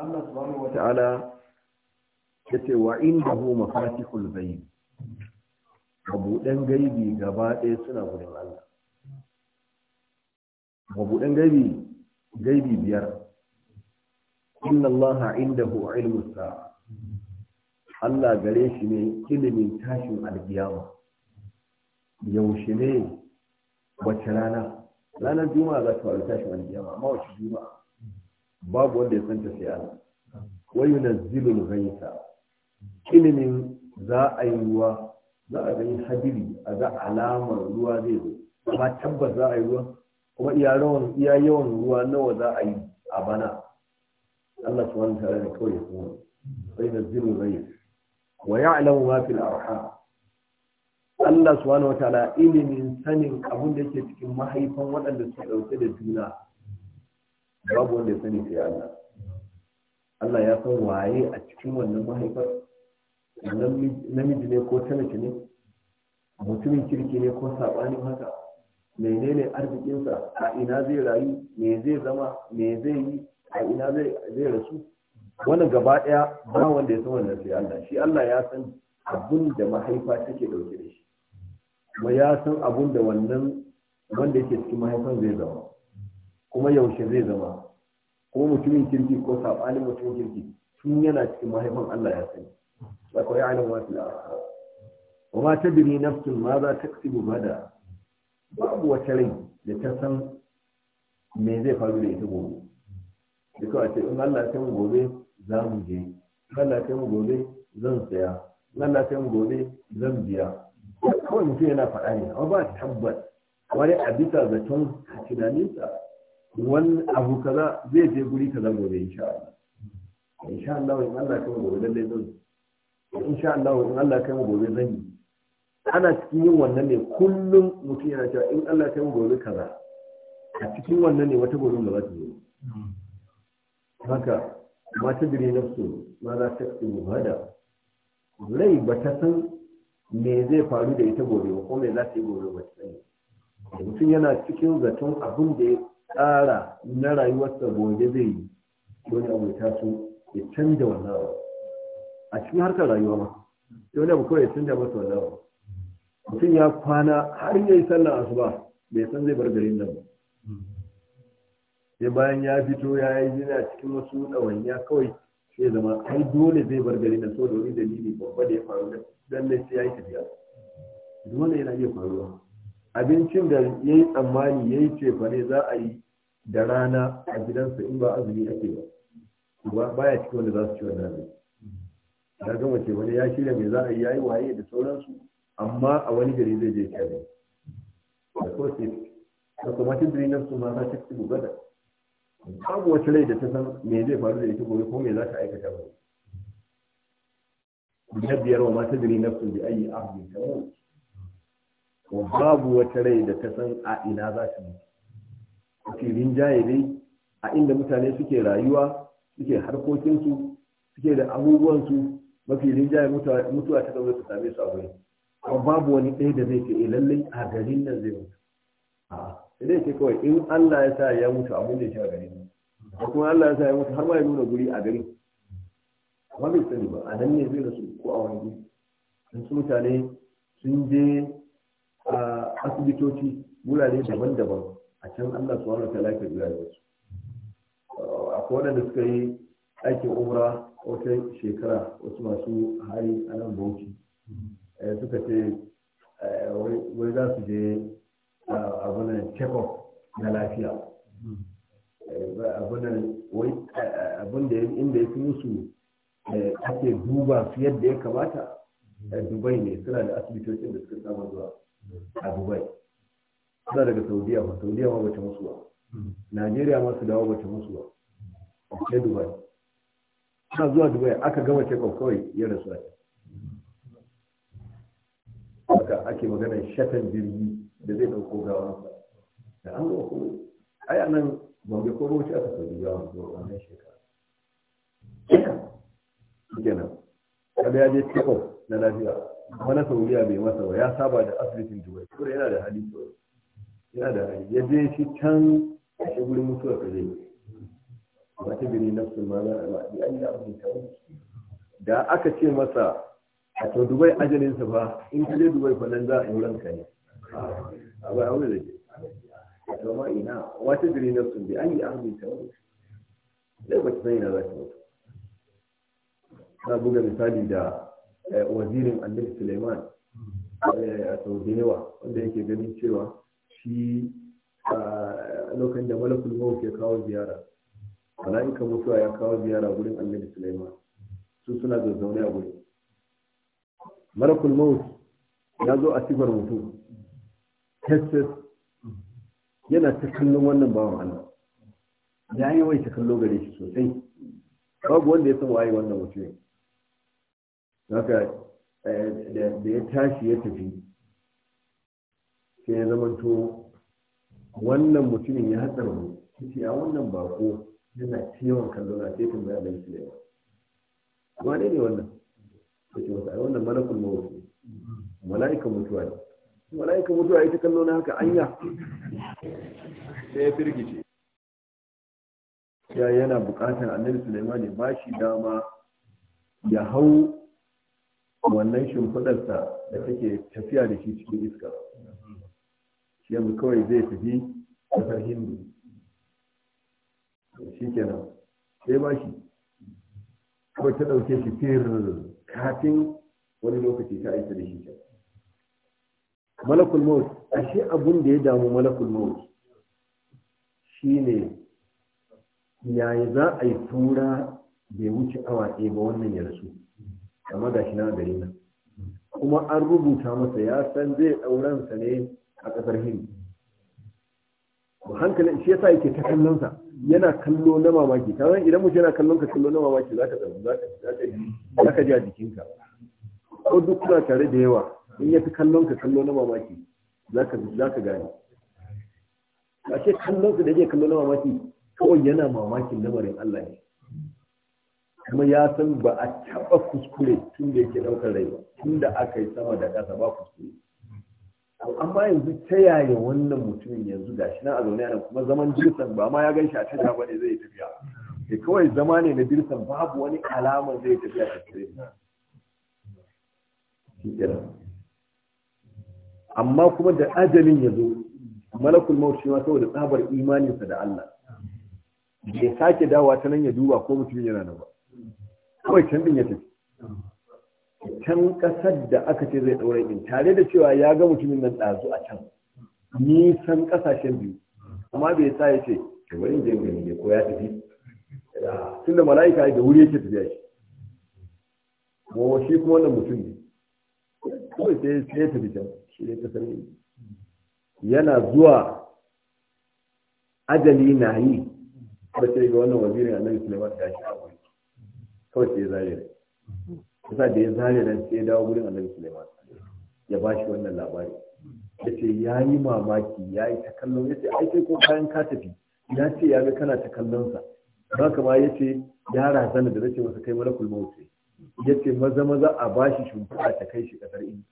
الله سبحانه وتعالى يتوى عنده مفاتح الغيب mabuɗan gaibi gaba ɗaya suna gudun Allah mabuɗan gaibi gaibi biyar inna Allah indahu ilmu sa'a Allah gare shi ne ilimin tashin alkiyama yaushe ne wace rana ranar juma'a za ta faru tashin alkiyama amma wace juma'a babu wanda ya ta sai Allah wa yunazzilul ghaitha ilimin za a yi ruwa za a gani hadiri a ga alamar ruwa zai zo amma tabbas za a yi ruwa kuma iya yawan ruwa nawa za a yi a bana Allah su wani tare da kawai kuma sai da zirin rai wa ya alamu ma fil arha Allah su wani wata ilimin sanin abin da ke cikin mahaifan waɗanda suke ɗauke da juna babu wanda ya sani sai Allah Allah ya san waye a cikin wannan mahaifar namiji ne ko talaka ne mutumin kirki ne ko saɓanin haka menene arzikinsa a ina zai rayu me zai zama me zai yi a ina zai rasu wannan gaba ɗaya ba wanda ya san wannan sai Allah shi Allah ya san abun da mahaifa take dauke da shi kuma ya san abun da wannan wanda yake cikin mahaifan zai zama kuma yaushe zai zama ko mutumin kirki ko saɓanin mutumin kirki tun yana cikin mahaifan Allah ya sani wato ya alam wasu la'a wa ma ta biri nafsin ma za ta kasi gada babu wata rai da ta san me zai faru da ita gobe da kawai ce in Allah ta mu gobe za mu je in Allah ta mu gobe zan saya in Allah ta mu gobe zan biya kawai mutum yana faɗa ne amma ba tabbas wani a bisa zaton tunaninsa wani abu kaza zai je guri kaza gobe insha Allah insha Allah in Allah ta mu gobe lallai zan insha Allah in Allah kai mu gobe zan yi ana cikin yin wannan ne kullum mutum yana cewa in Allah kai mu gobe kaza a cikin wannan ne wata gobe da za ta zo haka ma ta dire nafsu ma za ta ci muhada rai ba ta san me zai faru da ita gobe ba ko me za ta yi gobe ba ta sani mutum yana cikin zaton abin da ya tsara na rayuwarsa gobe zai yi Dole abu ya taso ya canja wannan abu a cikin harkar rayuwa ma dole ba kawai sun da masa wannan mutum ya kwana har yi sallar asuba bai san zai bar garin nan ba sai bayan ya fito ya yi yana cikin wasu ɗawainiya kawai sai zama ai dole zai bar garin nan saboda wani dalili babba da ya faru da dan ne sai ya yi tafiya wanda yana iya faruwa abincin da ya yi tsammani ya yi ne za a yi da rana a gidansa in ba azumi ake ba baya cikin wanda za su ci wannan abinci ya ga mace wani ya shirya mai za a yi yayi waye da sauransu amma a wani gari zai je kyale da ko sai da kuma tindiri nan su ma za ta ci gugada babu wata rai da ta san me zai faru da ita gobe ko me za ta aikata ba na biyar wa mata diri na sun bi ayi ahli mu ko babu wata rai da ta san a ina za ta yi. a filin jaye dai a inda mutane suke rayuwa suke harkokinsu suke da abubuwansu mafi rinjaye mutuwa ta kawai ta same su a Wani kuma babu wani ɗaya da zai ce eh lallai a garin nan zai mutu a sai ce kawai in Allah ya sa ya mutu abin da ya ce a garin nan kuma Allah ya sa ya mutu har ma ya nuna guri a garin amma bai sani ba a nan ne zai rasu ko a wani guri sun su mutane sun je a asibitoci wurare daban-daban a can Allah su wani ta'ala ya kira wasu akwai waɗanda suka yi aikin umra wata shekara wasu masu hari a nan bauchi eh, suka ce eh, wai za su je ah, abunan check-up na lafiya eh, abunan da inda ya fi musu ake duba su yadda ya kamata a dubai ne suna da asibitocin da suka samu zuwa a dubai suna daga saudiya ba saudiya ma bata musu ba hmm. najeriya ma su dawo bata musu ba a dubai suna zuwa dubai aka gama check kawai ya rasu a haka ake magana shatan jirgi da zai ɗauko gawa da an zo ko ai a nan gombe ko bauchi aka sauki gawa ko wannan shekara kenan kada ya je teko na lafiya wani sauriya bai masa ba ya saba da asibitin dubai kuma yana da hali yana da hali ya je shi can a shi wurin mutuwa ka zai ba ta biri ma za a yi abin ta da aka ce masa a to dubai ajalinsa ba in ka je dubai fa nan za a yi ranka ne a ba aure da ke to ma ina wata biri nafsu bi an yi abin ta da ba ta san ina za ta mutu na buga misali da wazirin annabi suleiman a saudinewa wanda yake ganin cewa shi lokacin da malakul mawuk ya kawo ziyara mala'ikan mutuwa ya kawo ziyara gurin annabi sulaiman su suna zazzaune a gurin malakul maut ya zo a sifar mutum testes yana ta kallon wannan bawan allah ya yi wai ta kallo gare shi sosai babu wanda ya san waye wannan mutum haka eh, da ya tashi ya tafi sai ya zamanto wannan mutumin ya hatsar mu ce a wannan bako yana ciwon kallo na sai tambaya da shi yawa wane ne wannan kace masa ai wannan malakul maut ne mala'ikan mutuwa ne mala'ikan mutuwa ita kallo na haka anya sai ya firgice ya yana bukatar annabi Sulaiman ya bashi dama ya hau wannan shimfiɗarsa da take tafiya da shi cikin iska shi yanzu kawai zai tafi ƙasar hindu shi kenan sai ba shi kawai ta ɗauke shi fir kafin wani lokaci ta aiki da shi kenan malakul maut ashe abun da ya damu malakul maut shine yayi za a yi tura bai wuce awa ɗaya ba wannan ya rasu kama ga shi na gari nan kuma an rubuta masa ya san zai ɗauransa ne a ƙasar hindi hankalin shi yasa yake ta kallon sa yana kallo na mamaki kaman idan mutum yana kallon ka kallo na mamaki za ka tsamu za ka za ka ji a jikinka ko duk kuna tare da yawa in ya fi kallon ka kallo na mamaki za ka za ka gane a ce kallon ka da yake kallo na mamaki kawai yana mamakin lamarin Allah ne kuma ya san ba a taɓa kuskure tun da yake ɗaukar rai ba tun da aka yi sama da ƙasa ba kuskure amma yanzu ta yaya wannan mutumin yanzu shi na a zaune nan kuma zaman dirsan ba ma ya gan shi a ta ba ne zai tafiya ke eh, kawai zama ne na dirsan babu wani alama zai tafiya ta tsaye amma kuma da ajalin ya zo malakul maut shi ma saboda tsabar imaninsa da Allah bai sake dawa ta nan ya duba ko mutumin yana nan ba kawai can ya tafi can ƙasar da aka ce zai ɗaure in tare da cewa ya ga mutumin nan ɗazu a can nisan ƙasashen biyu amma bai sa ya ce da wani je gani ne ko ya tafi tun da mala'ika da wuri yake tafiya shi ko shi kuma wannan mutum ne kawai sai ya tafi can shi ne ƙasar ne yana zuwa ajali na yi ba sai ga wannan wazirin annabi Sulaiman shi a wuri kawai sai ya zare yasa da ya zare nan sai ya dawo gurin annabi Sulaiman ya ba shi wannan labari ya ce ya yi mamaki ya yi ta kallon ya ce ai ko bayan ka ya ce ya ga kana ta kallonsa ba kama ya ce ya razana da nace masa kai malakul mawuce ya ce maza maza a ba shi shimfiɗa ta kai shi ƙasar in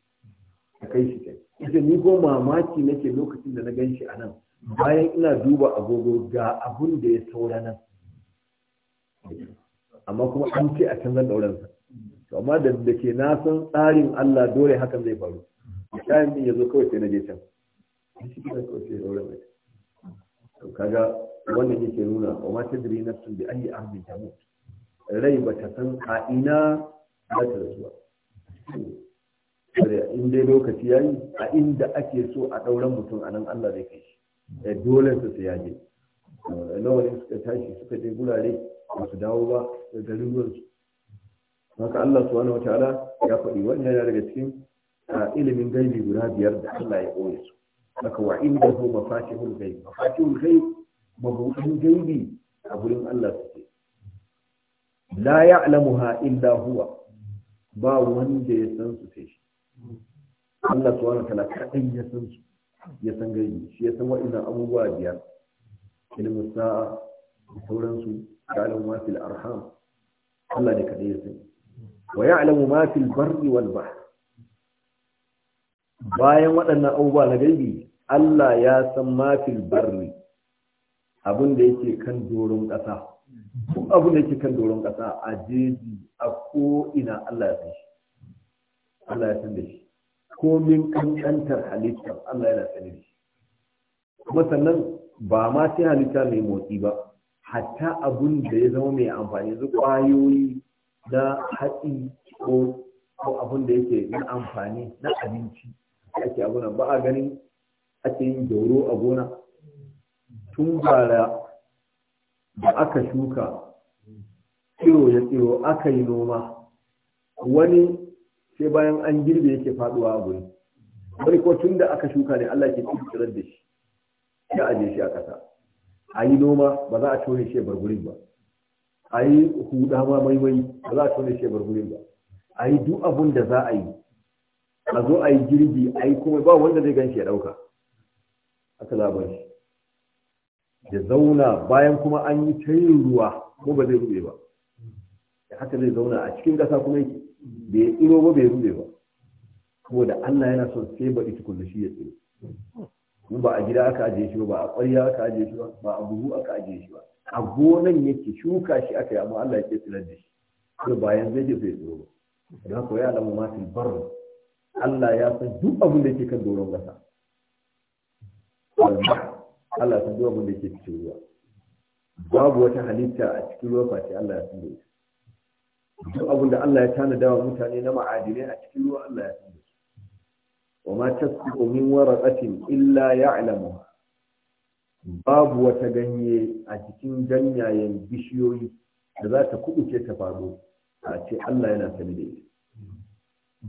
ta kai shi kai ya ce ni ko mamaki nake lokacin da na gan shi a nan bayan ina duba agogo ga abun da ya saura nan amma kuma an ce a canzan ɗauransa to amma da da ke na san tsarin Allah dole hakan zai faru kayan din yazo kawai sai na je can shi sai dole mai to kaga wannan yake nuna wa ma tadri nafsun bi ayi ardin tamut rai ba ta san a ina za ta rasuwa in dai lokaci yayi a inda ake so a ɗauran mutum a nan Allah zai kai shi eh, dole su su yaje nawa ne suka tashi suka je gurare ba su dawo ba garin ruwansu haka Allah subhanahu wataala ya faɗi wannan yana daga cikin ilimin gaibi guda biyar da Allah ya koya su haka wa inda hu mafatihul ghaib mafatihul ghaib mabudin gaibi a gurin Allah suke la ya'lamuha illa huwa ba wanda ya san su sai shi Allah subhanahu wataala kadai ya san su ya san gaibi shi ya san wa'annan abubuwa biyar ilimin sa'a sauransu da alamu mafi arham Allah ne kadai ya sani wa ya'lamu ma fil barri bayan waɗannan abubuwa na gaibi Allah ya san ma fil barri abin da yake kan doron ƙasa duk abin da yake kan doron ƙasa a jeji a ko ina Allah ya san shi Allah ya san da shi komin kankantar halittar Allah yana sani da shi kuma sannan ba ma sai halitta mai motsi ba hatta abun da ya zama mai amfani su kwayoyi na hatsi ko ko abin da yake na amfani na abinci ake a gona ba a ganin ake yin gyauro a gona tun bara da aka shuka tsiro ya tsiro aka yi noma wani sai bayan an girbe yake faduwa a guri wani ko tun da aka shuka ne Allah ke tsirar da shi ya aje shi a ƙasa a yi noma ba za a cire shi bar ba a yi huda ma maimai ba za a tone shi bar gurin ba a yi duk abun da za a yi a zo a yi girbi a yi kuma ba wanda zai gan shi ya ɗauka aka labar shi da zauna bayan kuma an yi ta yin ruwa ko ba zai rube ba da haka zai zauna a cikin gasa kuma yake bai tsiro ba bai rube ba da Allah yana son sai ba ita kullu shi ya tsiro ba a gida aka ajiye shi ba ba a ƙwarya aka ajiye shi ba ba a buhu aka ajiye shi ba a gonan yake shuka shi aka yi amma Allah ya ce tsirar da shi ko bayan zai je zai tsoro ba don haka ya alamu ma fil bar Allah ya san duk abin da yake kan doron ƙasa Allah ya san duk abin da yake cikin ruwa babu wata halitta a cikin ruwa sai Allah ya san da duk abin da Allah ya tanada wa mutane na ma'adinai a cikin ruwa Allah ya san da su wa ma tasbiqu min waraqatin illa ya'lamuha babu wata ganye a cikin ganyayen bishiyoyi da za ta kuɓuce ta faɗo a ce Allah yana sani da ita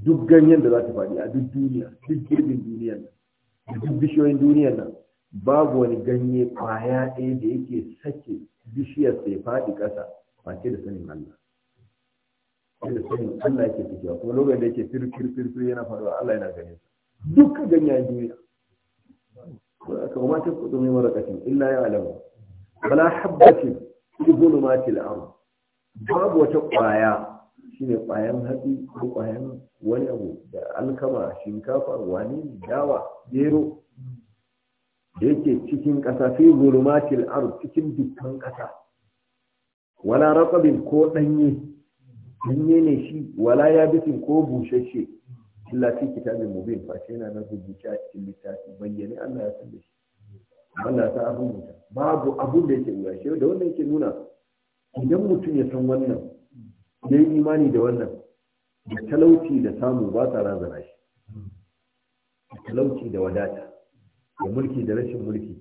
duk ganyen da za ta faɗi a duk duniya duk girbin duniya nan duk bishiyoyin duniyar nan babu wani ganye kwaya ɗaya da yake sake bishiyar sai faɗi ƙasa ba ce da sanin Allah sai da sanin Allah yake fitowa kuma lokacin da yake firfir fir yana faruwa Allah yana ganin duk ganyayen duniya وما تسقط من illa yawa يعلمها ولا حبة في ظلمات الأرض babu wata ƙwaya shine ƙwayan hatsi ko ƙwayan wani abu da alkama shinkafa wani dawa gero da yake cikin ƙasa fi zulumatil ard cikin dukkan ƙasa wala raqabin ko ɗanye ɗanye ne shi wala ya yabisin ko bushashe illa fi kitabin mubin fa sai yana nan rubuce a cikin littafi bayyane Allah ya san da shi Allah ta abun mutum babu abun da yake wuya shi da wannan yake nuna idan mutum ya san wannan ya yi imani da wannan da talauci da samu ba sa razana shi talauci da wadata da mulki da rashin mulki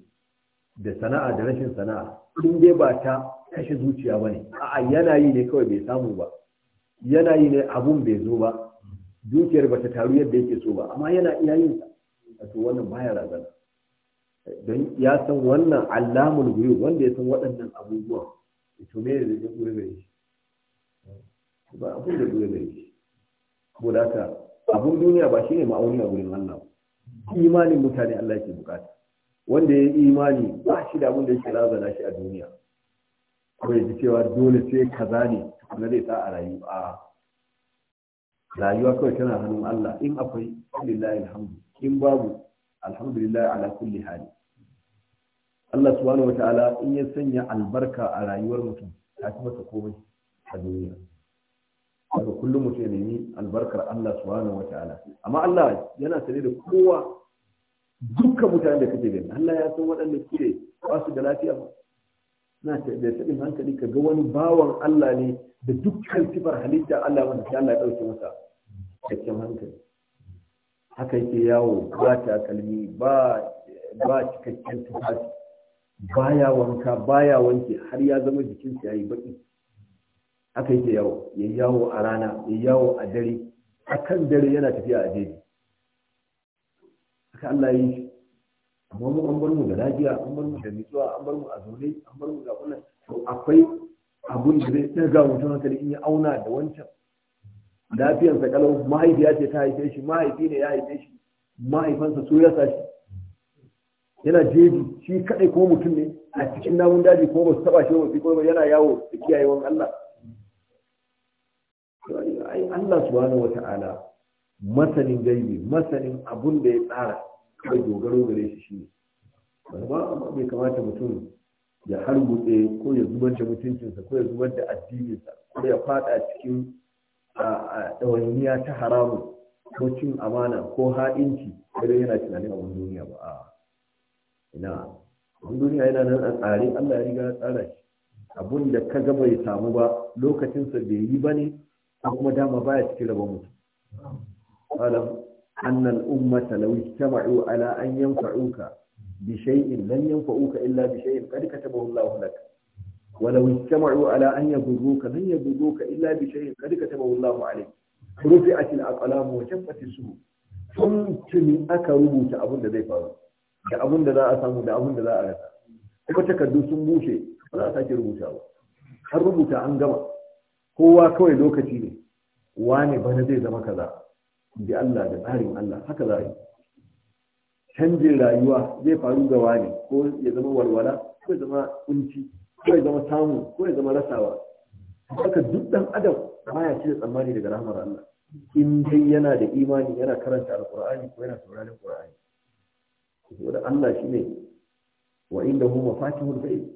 da sana'a da rashin sana'a in dai ba ta kashe zuciya ba ne a'a yana yi ne kawai bai samu ba yana yi ne abun bai zo ba dukiyar ba ta taru yadda yake so ba amma yana iya yin sa to wannan baya razana don ya san wannan allamul guri wanda ya san waɗannan abubuwan to me ne da gure gare shi ba abun da gure gare shi ko da ka abun duniya ba shine ma'auni a gurin Allah imanin mutane Allah ke bukata wanda ya yi imani ba shi da abun da yake razana shi a duniya ko ya ji cewa dole sai kaza ne kuma zai sa a rayu a rayuwa kawai tana hannun Allah in akwai lillahi alhamdu in babu alhamdulillah ala kulli hali Allah subhanahu wataala in ya sanya albarka a rayuwar mutum ta ci masa komai a duniya daga kullum mutum ya nemi albarkar Allah subhanahu wataala amma Allah yana sane da kowa dukkan mutane da kake gani Allah ya san waɗanda suke ba su da lafiya ba na da hankali ka ga wani bawan Allah ne da dukkan sifar halitta Allah wanda shi Allah ya dauke masa cikakken hankali haka yake yawo ba takalmi ba ba cikakken tufafi baya wanka baya wanke har ya zama jikinsa yayi baki haka yake yawo ya yawo a rana ya yawo a dare akan dare yana tafiya a jeji haka Allah yi amma mu an bar mu da lafiya an bar mu da nutsuwa an bar mu a zaune an bar mu da wannan to akwai abun da zai ɗaga mutum hankali in ya auna da wancan lafiyansa kalau mahaifiya ce ta haife shi mahaifi ne ya haife shi mahaifansa su ya sa shi yana jeji shi kaɗai ko mutum ne a cikin namun daji ko ba su taba shi ba ko ba yana yawo da kiyayewan Allah ai Allah subhanahu Ta'ala masanin gaibi masanin abun da ya tsara kai dogaro gare shi shi ba bai kamata mutum ya hargutse ko ya zubar mutuncinsa ko ya zubar da addininsa ko ya fada cikin ɗawainiya ta haramun ko cin amana ko ha'inci idan yana tunanin abin duniya ba a ina wani duniya yana nan a tsari, Allah ya riga ya tsara shi abin da ka ga bai samu ba lokacinsa bai yi ba ne ko kuma dama baya cikin rabon mutum alam annal ummata law ijtama'u ala an yanfa'uka bi shay'in lan yanfa'uka illa bi shay'in qad katabahu Allahu lak ولو اجتمعوا على أن يضروك لن يضروك إلا بشيء قد كتبه الله عليك رفعت الأقلام وجفت السهول tuntuni aka rubuta abin da zai faru da abin da za a samu da abin da za a rasa kuma takardu sun bushe ba za a sake rubuta ba har rubuta an gama kowa kawai lokaci ne wane bana zai zama kaza bi Allah da tsarin Allah haka za a yi canjin rayuwa zai faru ga ne ko ya zama walwala ko ya zama kunci ko ya zama samu ko ya zama rasawa haka duk dan adam baya cire tsammani daga rahmar Allah in dai yana da imani yana karanta alqur'ani ko yana sauraron qur'ani da Allah shine wa inda huwa mafatihul ghaib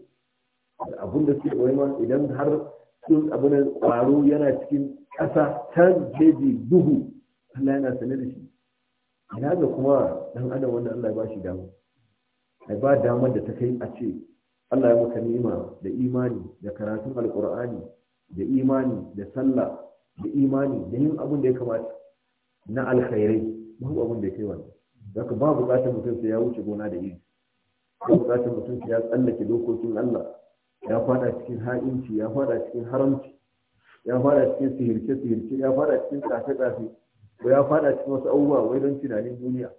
abun da suke koyima idan har sun abun kwaro yana cikin ƙasa ta jeji duhu Allah yana sanar da shi ina ga kuma dan adam wanda Allah ya bashi dama ai ba damar da ta kai a ce Allah ya maka ni'ima da imani da karatun alqur'ani da imani da sallah da imani da yin abin da ya kamata na alkhairai babu abin da ya kai wannan zaka ba bukatar mutum sai ya wuce gona da iri ba bukatar mutum sai ya tsallake dokokin Allah ya fada cikin ha'inci ya fada cikin haramci ya fada cikin sihirce sihirce ya fada cikin tsafe tsafe ko ya fada cikin wasu abubuwa wai don tunanin duniya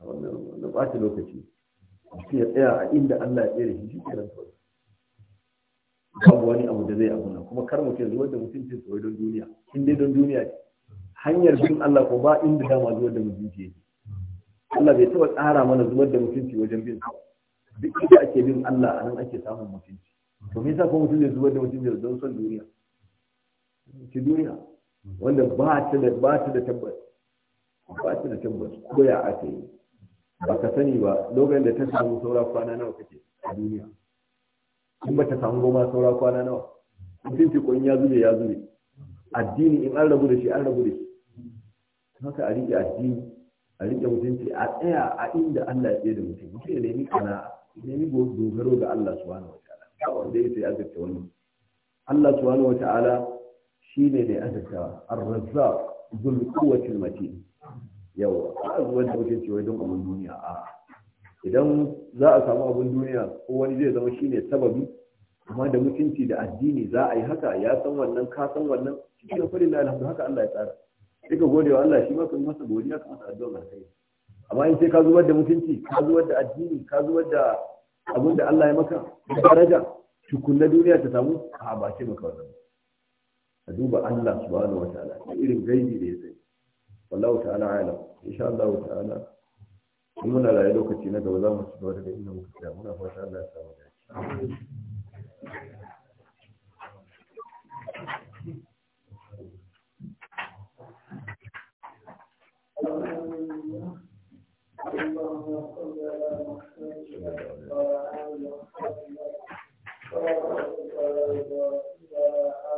a wannan ɓata lokaci shi ya tsaya a inda Allah ya tsere shi shi nan kawai babu wani abu da zai abu nan kuma kar mutum zuwa da cin tsoro don duniya in dai don duniya ce hanyar bin Allah ko ba inda dama zuwa da mutunci ce Allah bai taɓa tsara mana zuwa da mutunci wajen bin sa duk inda ake bin Allah a nan ake samun mutunci to me yasa ko mutum zai zuwa da mutunci don son duniya ce duniya wanda ba ta da ba ta da tabbas ba ta da tabbas ko ya ake yi ba ka sani ba lokacin da ta samu saura kwana nawa kake a duniya in ba ta samu goma saura kwana nawa mutunci ko in ya zube ya zube addini in an rabu da shi an rabu da shi haka a riƙe addini a riƙe mutunci a tsaya a inda Allah ya tsaye da mutum mutum ya nemi kana nemi dogaro ga Allah subhanahu wataala ba wanda ya sai azurta wannan Allah subhanahu wataala shi ne mai azurtawa arrazzaq zul kuwatil matin a wanda da ce wai don abin duniya a idan za a samu abin duniya ko wani zai zama shi ne sababi amma da mutunci da addini za a yi haka ya san wannan ka san wannan cikin ne da alhamdu haka Allah ya tsara duka gode wa Allah shi ma kan masa godiya kan masa addu'a kai amma in sai ka zubar da mutunci ka zubar da addini ka zubar da abin da Allah ya maka daraja tukun na duniya ta samu a ba ce maka wannan a duba Allah subhanahu wataala da irin gaibi da ya sani wallahu ta'ala alam insha Allah ta'ala in muna rayu lokaci na gaba za mu ci gaba daga inda muka tsaya muna fata Allah ya samu dace Thank you.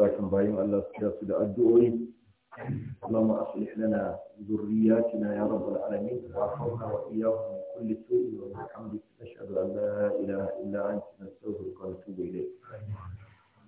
sozusagen von bayin Allah